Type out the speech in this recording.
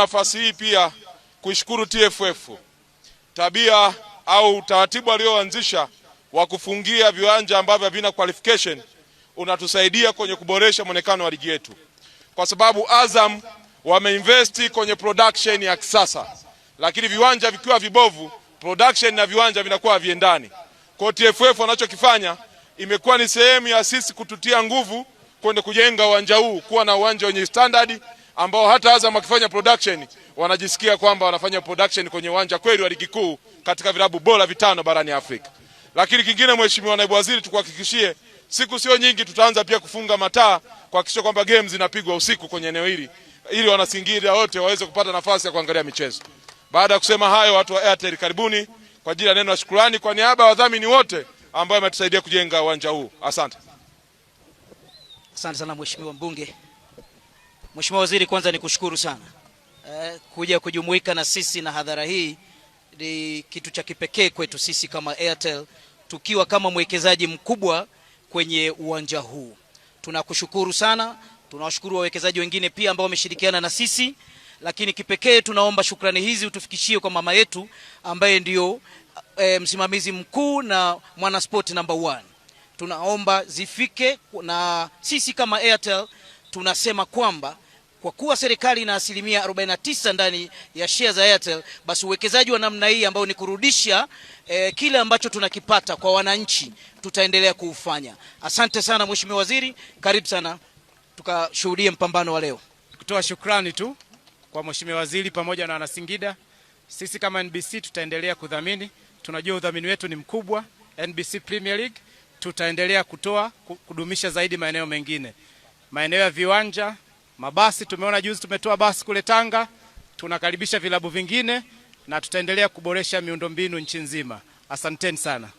nafasi hii pia kuishukuru TFF tabia au utaratibu alioanzisha wa kufungia viwanja ambavyo havina qualification unatusaidia kwenye kuboresha mwonekano wa ligi yetu, kwa sababu Azam wameinvest kwenye production ya kisasa, lakini viwanja vikiwa vibovu, production na viwanja vinakuwa haviendani. Kwa TFF wanachokifanya imekuwa ni sehemu ya sisi kututia nguvu kwenda kujenga uwanja huu kuwa na uwanja wenye standard ambao hata Azam akifanya production wanajisikia kwamba wanafanya production kwenye uwanja kweli wa ligi kuu katika vilabu bora vitano barani Afrika. Lakini kingine, Mheshimiwa Naibu Waziri, tukuhakikishie siku sio nyingi, tutaanza pia kufunga mataa kuhakikisha kwamba game zinapigwa usiku kwenye eneo hili ili wanasingira wote waweze kupata nafasi ya kuangalia michezo. Baada ya kusema hayo, watu wa Airtel karibuni kwa ajili ya neno la shukrani kwa niaba ya wadhamini wote ambao wametusaidia kujenga uwanja huu. Asante, asante sana mheshimiwa mbunge. Mheshimiwa Waziri, kwanza nikushukuru sana eh, kuja kujumuika na sisi na hadhara hii ni kitu cha kipekee kwetu sisi kama Airtel tukiwa kama mwekezaji mkubwa kwenye uwanja huu. Tunakushukuru sana, tunawashukuru wawekezaji wengine pia ambao wameshirikiana na sisi, lakini kipekee tunaomba shukrani hizi utufikishie kwa mama yetu ambaye ndio e, msimamizi mkuu na mwanaspoti number one. Tunaomba zifike na sisi kama Airtel tunasema kwamba kwa kuwa serikali ina asilimia 49 ndani ya share za Airtel, basi uwekezaji wa namna hii ambao ni kurudisha eh, kile ambacho tunakipata kwa wananchi tutaendelea kuufanya. Asante sana Mheshimiwa Waziri, karibu sana tukashuhudie mpambano wa leo. Kutoa shukrani tu kwa Mheshimiwa Waziri pamoja na Wanasingida. Sisi kama NBC tutaendelea kudhamini, tunajua udhamini wetu ni mkubwa. NBC Premier League tutaendelea kutoa kudumisha zaidi maeneo mengine maeneo ya viwanja, mabasi. Tumeona juzi tumetoa basi kule Tanga, tunakaribisha vilabu vingine na tutaendelea kuboresha miundombinu nchi nzima. Asanteni sana.